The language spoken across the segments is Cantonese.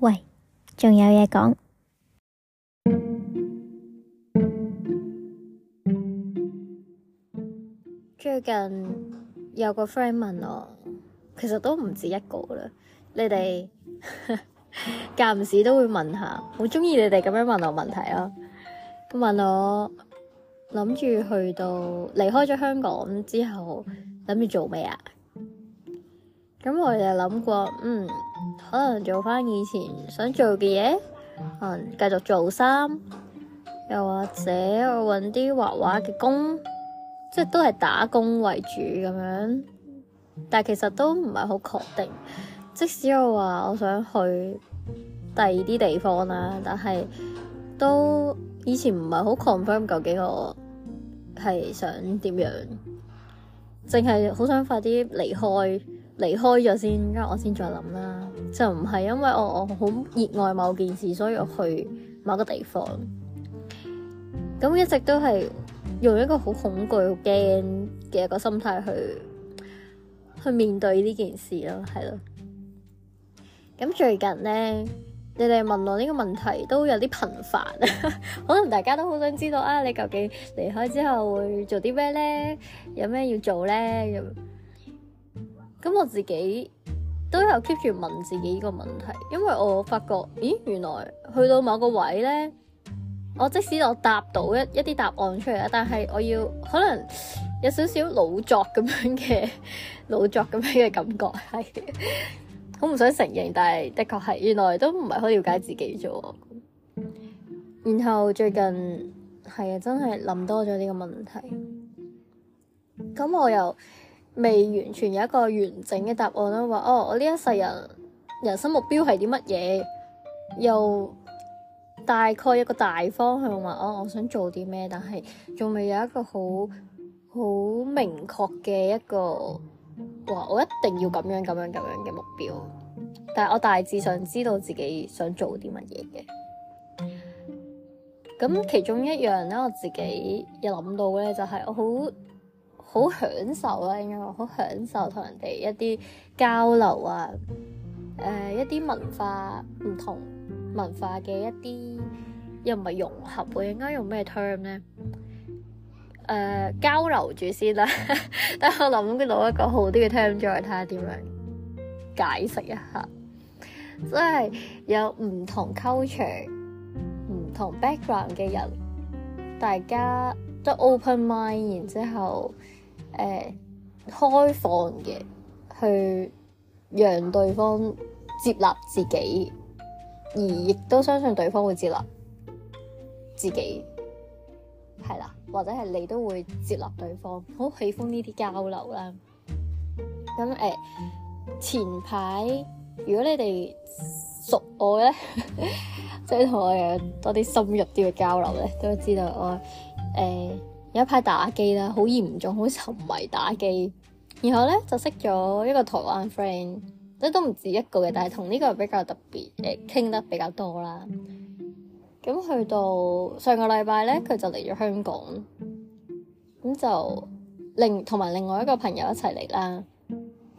喂，仲有嘢講？最近有個 friend 問我，其實都唔止一個啦。你哋間唔時都會問下，好中意你哋咁樣問我問題囉。問我諗住去到離開咗香港之後，諗住做咩啊？咁我就諗過，嗯。可能做翻以前想做嘅嘢，嗯，繼續做衫，又或者我搵啲畫畫嘅工，即係都係打工為主咁樣。但係其實都唔係好確定，即使我話我想去第二啲地方啦，但係都以前唔係好 confirm 究竟我係想點樣，淨係好想快啲離開，離開咗先，而家我先再諗啦。就唔係因為我我好熱愛某件事，所以我去某個地方。咁一直都係用一個好恐懼、好驚嘅一個心態去去面對呢件事咯，係咯。咁最近呢，你哋問我呢個問題都有啲頻繁， 可能大家都好想知道啊，你究竟離開之後會做啲咩呢？有咩要做呢？咁我自己。都有 keep 住問自己呢個問題，因為我發覺，咦，原來去到某個位呢，我即使我答到一一啲答案出嚟啦，但係我要可能有少少老作咁樣嘅老作咁樣嘅感覺，係，好唔想承認，但係的確係原來都唔係好了解自己啫。然後最近係啊，真係諗多咗呢個問題，咁我又。未完全有一個完整嘅答案啦。話哦，我呢一世人人生目標係啲乜嘢？又大概一個大方向話哦，我想做啲咩？但係仲未有一個好好明確嘅一個話我一定要咁樣咁樣咁樣嘅目標。但係我大致上知道自己想做啲乜嘢嘅。咁其中一樣咧，我自己有諗到咧、就係，就係我好。好享受啊，應該話好享受同人哋一啲交流啊，誒一啲文化唔同文化嘅一啲又唔係融合，我應該用咩 term 咧？誒交流住先啦，等 我諗，跟攞一個好啲嘅 term 再睇下點樣解釋一下，即係有唔同 culture、唔同 background 嘅人，大家都 open mind，然之後。誒、呃，開放嘅去讓對方接納自己，而亦都相信對方會接納自己，係啦，或者係你都會接納對方。好喜歡呢啲交流啦。咁誒，呃、前排如果你哋熟我咧， 即係同我有多啲深入啲嘅交流咧，都知道我誒。呃有一排打機啦，好嚴重，好沉迷打機。然後呢，就識咗一個台灣 friend，即都唔止一個嘅，但係同呢個比較特別，誒傾得比較多啦。咁去到上個禮拜呢，佢就嚟咗香港，咁就另同埋另外一個朋友一齊嚟啦。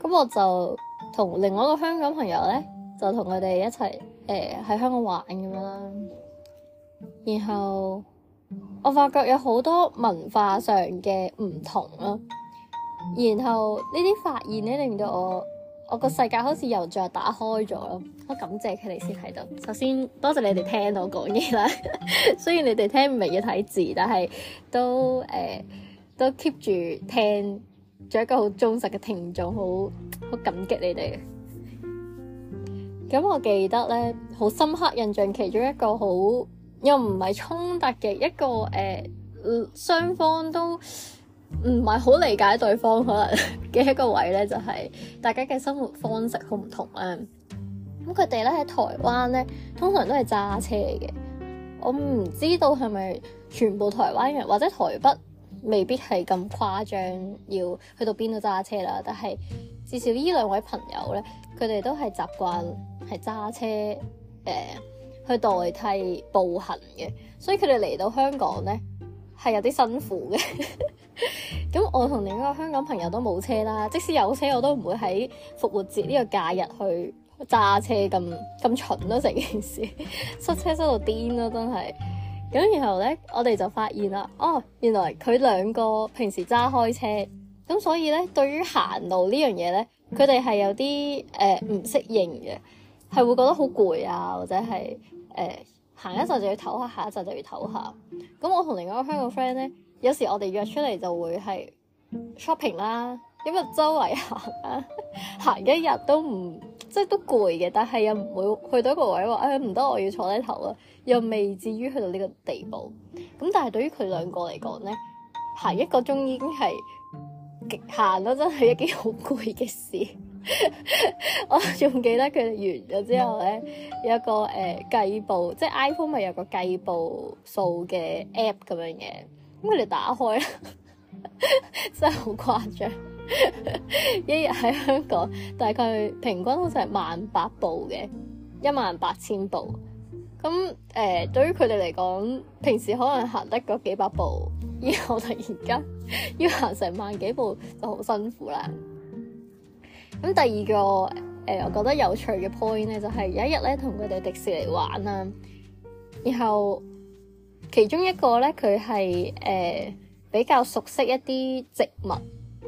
咁我就同另外一個香港朋友呢，就同佢哋一齊誒喺香港玩咁樣啦。然後～我發覺有好多文化上嘅唔同咯，然後呢啲發現咧令到我我個世界好似又再打開咗咯，好感謝佢哋先喺度。首先多謝你哋聽到我講嘢啦， 雖然你哋聽唔明嘅睇字，但係都誒、呃、都 keep 住聽，做一個好忠實嘅聽眾，好好感激你哋。咁 我記得咧，好深刻印象其中一個好。又唔係衝突嘅一個誒、呃，雙方都唔係好理解對方可能嘅一個位咧，就係、是、大家嘅生活方式好唔同啊。咁佢哋咧喺台灣咧，通常都係揸車嘅。我唔知道係咪全部台灣人或者台北未必係咁誇張要去到邊度揸車啦，但係至少呢兩位朋友咧，佢哋都係習慣係揸車誒。呃去代替步行嘅，所以佢哋嚟到香港呢，係有啲辛苦嘅。咁 我同另一個香港朋友都冇車啦，即使有車我都唔會喺復活節呢個假日去揸車咁咁蠢咯、啊，成件事 塞車塞到癲咯、啊，真係。咁然後呢，我哋就發現啦，哦，原來佢兩個平時揸開車，咁所以呢，對於行路呢樣嘢呢，佢哋係有啲誒唔適應嘅，係會覺得好攰啊，或者係。誒行、呃、一陣就要唞下，下一陣就要唞下。咁我同另外一個香港 friend 咧，有時我哋約出嚟就會係 shopping 啦，因為周圍行啊，行一日都唔即係都攰嘅，但係又唔會去到一個位話，唉，唔得，我要坐低唞啊，又未至於去到呢個地步。咁但係對於佢兩個嚟講咧，行一個鐘已經係極限啦，真係一件好攰嘅事。 我仲記得佢哋完咗之後咧，有一個誒呃、計步，即係 iPhone 咪有個計步數嘅 app 咁樣嘢，咁佢哋打開， 真係好誇張。一日喺香港大概平均好似係萬八步嘅，一萬八千步。咁誒、呃，對於佢哋嚟講，平時可能行得嗰幾百步，以後突然間要行成萬幾步就好辛苦啦。咁第二個誒、呃，我覺得有趣嘅 point 咧，就係有一日咧，同佢哋迪士尼玩啦。然後其中一個咧，佢係誒比較熟悉一啲植物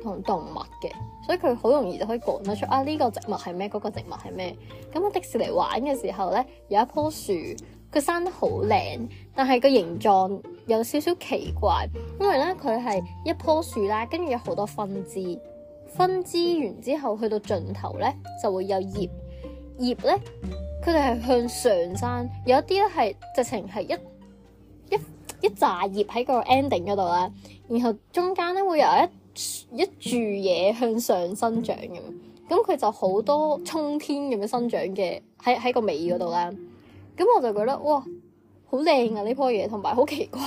同動物嘅，所以佢好容易就可以講得出啊呢、呢個植物係咩，嗰、嗰個植物係咩。咁啊，迪士尼玩嘅時候咧，有一棵樹，佢生得好靚，但係個形狀有少少奇怪，因為咧佢係一棵樹啦，跟住有好多分支。分支完之後，去到盡頭咧，就會有葉。葉咧，佢哋係向上生，有一啲咧係直情係一一一紮葉喺個 ending 度啦。然後中間咧會有一一柱嘢向上生長咁，咁佢就好多衝天咁樣生長嘅喺喺個尾嗰度啦。咁我就覺得哇，好靚啊呢棵嘢，同埋好奇怪。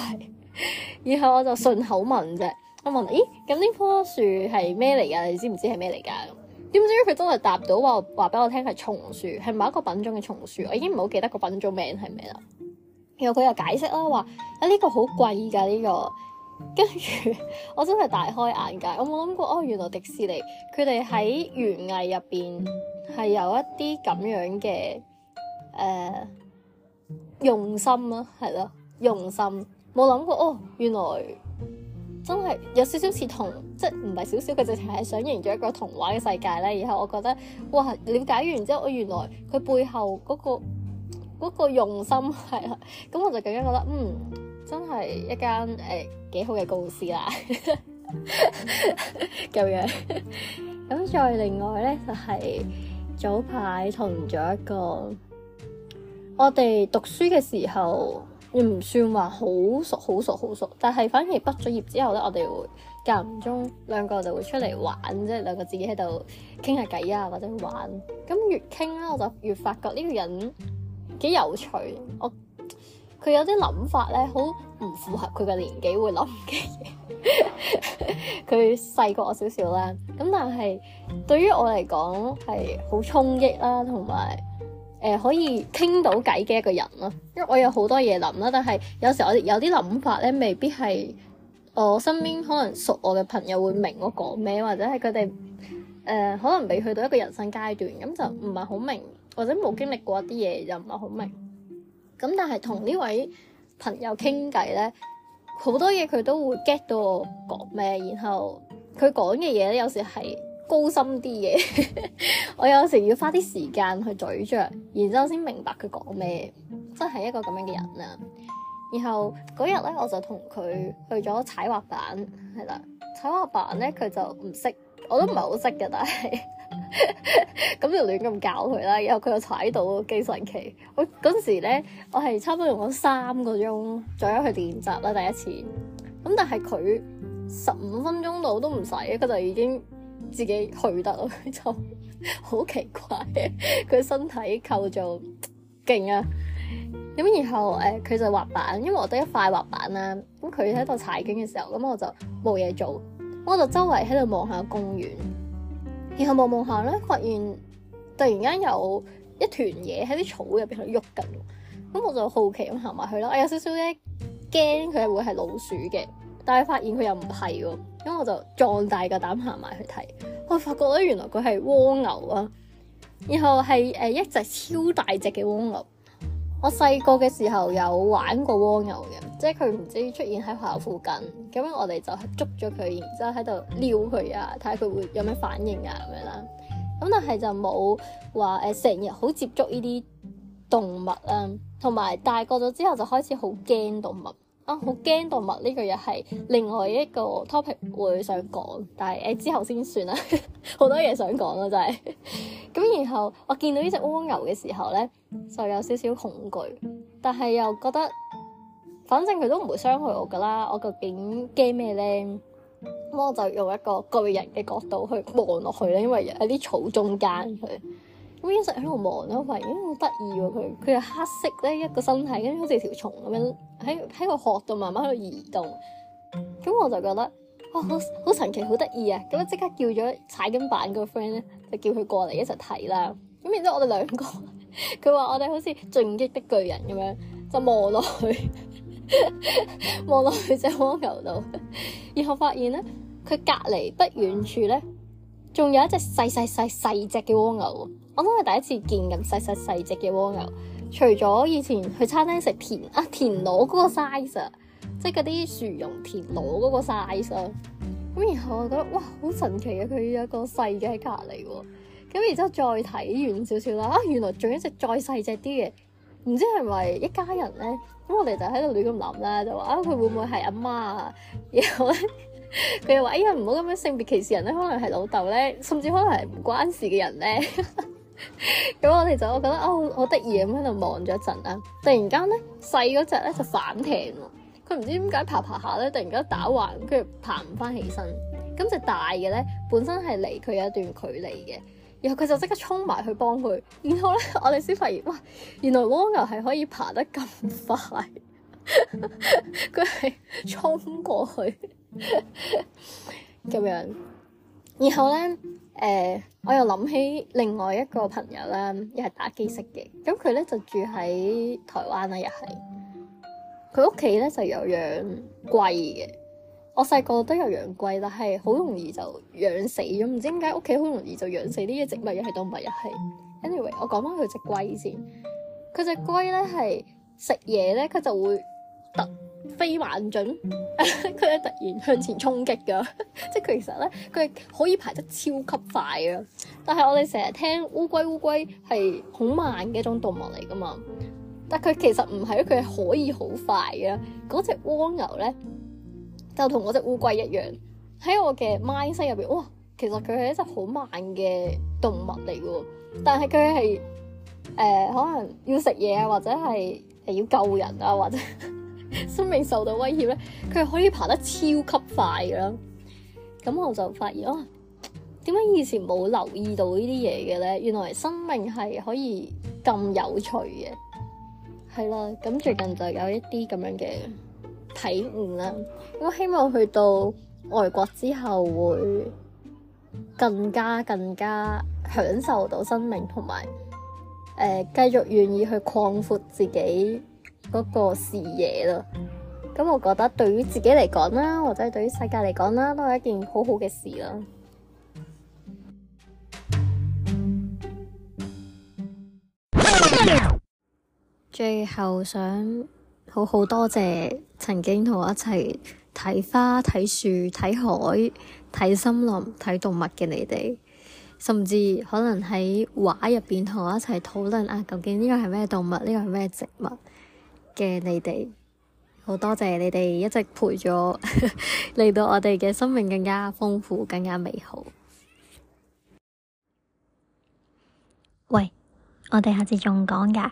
然後我就順口問啫。我問：咦，咁呢棵樹係咩嚟噶？你知唔知係咩嚟噶？點知佢真係答到話，話俾我聽係松樹，係某一個品種嘅松樹。我已經唔好記得個品種名係咩啦。然後佢又解釋啦，話：啊，呢個好貴噶呢個。跟住我真係大開眼界。我冇諗過哦，原來迪士尼佢哋喺園藝入邊係有一啲咁樣嘅誒用心啦，係咯，用心。冇諗過哦，原來。真係有少少似童，即係唔係少少，嘅，直情係想營造一個童話嘅世界咧。然後我覺得，哇！了解完之後，我原來佢背後嗰個嗰個用心係啊，咁我就更加覺得，嗯，真係一間誒幾好嘅故事啦。咁樣咁再另外咧，就係早排同咗一個我哋讀書嘅時候。又唔算話好熟，好熟，好熟。但係反而畢咗業之後咧，我哋會間唔中兩個就會出嚟玩，即係兩個自己喺度傾下偈啊，或者玩。咁越傾咧，我就越發覺呢個人幾有趣。我佢有啲諗法咧，好唔符合佢嘅年紀會諗嘅嘢。佢細過我少少啦，咁但係對於我嚟講係好衝擊啦，同埋。誒、呃，可以傾到偈嘅一個人咯，因為我有好多嘢諗啦，但係有時我有啲諗法咧，未必係我身邊可能熟我嘅朋友會明我講咩，或者係佢哋誒可能未去到一個人生階段，咁就唔係好明，或者冇經歷過一啲嘢就唔係好明。咁但係同呢位朋友傾偈咧，好多嘢佢都會 get 到我講咩，然後佢講嘅嘢咧，有時係。高深啲嘢，我有時要花啲時間去咀嚼，然之後先明白佢講咩，真係一個咁樣嘅人啦。然後嗰日咧，我就同佢去咗踩滑板，係啦，踩滑板咧，佢就唔識，我都唔係好識嘅，但係咁就亂咁教佢啦。然後佢就踩到幾神奇。我嗰陣時咧，我係差唔多用咗三個鐘左右去練習啦，第一次。咁但係佢十五分鐘度都唔使，佢就已經。自己去得咯，就 好奇怪嘅，佢 身體構造勁啊！咁 然後誒，佢、欸、就滑板，因為我得一塊滑板啦。咁佢喺度踩緊嘅時候，咁我就冇嘢做，我就周圍喺度望下公園。然後望望下咧，發現突然間有一團嘢喺啲草入邊度喐緊，咁我就好奇咁行埋去啦。我有少少咧驚佢係會係老鼠嘅，但係發現佢又唔係喎。咁我就壯大個膽行埋去睇，我發覺咧原來佢係蝸牛啊，然後係誒一隻超大隻嘅蝸牛。我細個嘅時候有玩過蝸牛嘅，即係佢唔知出現喺學校附近，咁樣我哋就捉咗佢，然之後喺度撩佢啊，睇下佢會有咩反應啊咁樣啦。咁但係就冇話誒成日好接觸呢啲動物啊，同埋大個咗之後就開始好驚動物。啊，好驚動物呢句嘢係另外一個 topic 會想講，但係誒、欸、之後先算啦，好 多嘢想講咯，真係。咁然後我見到呢隻蝸牛嘅時候呢，就有少少恐懼，但係又覺得反正佢都唔會傷害我㗎啦，我究竟驚咩呢？咁我就用一個巨人嘅角度去望落去咧，因為喺啲草中間佢。咁一直喺度望咯，我話，咦好得意喎，佢，佢係黑色咧，一個身體，跟住好似條蟲咁樣喺喺個殼度慢慢喺度移動。咁我就覺得啊好好神奇，好得意啊！咁啊即刻叫咗踩緊板個 friend 咧，就叫佢過嚟一齊睇啦。咁然之後我哋兩個，佢 話我哋好似進擊的巨人咁樣，就望落去，望 落去隻蝸牛度，然後發現咧佢隔籬不遠處咧。仲有一隻細細細細隻嘅蝸牛，我都係第一次見咁細細細隻嘅蝸牛。除咗以前去餐廳食田啊田螺嗰個 size 啊，即係嗰啲薯蓉田螺嗰個 size 啊。咁然後我覺得哇，好神奇啊！佢有一個細嘅喺隔離喎。咁然之後再睇遠少少啦，啊原來仲有一隻再細隻啲嘅，唔知係咪一家人咧？咁我哋就喺度亂咁諗啦，就話啊佢會唔會係阿媽啊？然後咧。佢又話，哎呀，唔好咁樣性別歧視人咧，可能係老豆咧，甚至可能係唔關事嘅人咧。咁 我哋就我覺得哦，我得意咁喺度望咗一陣啦。突然間咧，細嗰隻咧就反艇，佢唔知點解爬爬下咧，突然間打橫，跟住爬唔翻起身。咁隻大嘅咧，本身係離佢有一段距離嘅，然後佢就即刻衝埋去幫佢。然後咧，我哋先發現，哇，原來蝸牛係可以爬得咁快，佢係衝過去。咁 樣，然後咧，誒、呃，我又諗起另外一個朋友咧，又係打機識嘅，咁佢咧就住喺台灣啦，又係，佢屋企咧就有養龜嘅，我細個都有養龜，但係好容易就養死咗，唔知點解屋企好容易就養死呢啲植物，又係動物，又係。Anyway，我講返佢隻龜先，佢隻龜咧係食嘢咧，佢就會得。飛慢準，佢 係突然向前衝擊噶 即係其實咧，佢係可以排得超級快啊。但係我哋成日聽烏龜烏龜係好慢嘅一種動物嚟噶嘛，但係佢其實唔係，佢係可以好快噶。嗰隻蝸牛咧就同嗰隻烏龜一樣喺我嘅 mindset 入邊，哇，其實佢係一隻好慢嘅動物嚟噶，但係佢係誒可能要食嘢啊，或者係係要救人啊，或者。生命受到威脅咧，佢可以爬得超級快啦。咁我就發現啊，點解以前冇留意到呢啲嘢嘅咧？原來生命係可以咁有趣嘅，係啦。咁最近就有一啲咁樣嘅體悟啦。咁希望去到外國之後會更加更加享受到生命，同埋誒繼續願意去擴闊自己。嗰個視野咯，咁我覺得對於自己嚟講啦，或者係對於世界嚟講啦，都係一件好好嘅事啦。最後想好好多謝曾經同我一齊睇花、睇樹、睇海、睇森林、睇動物嘅你哋，甚至可能喺畫入邊同我一齊討論啊，究竟呢個係咩動物？呢個係咩植物？嘅你哋好，多謝你哋一直陪住我令 到我哋嘅生命更加豐富，更加美好。喂，我哋下次仲講㗎。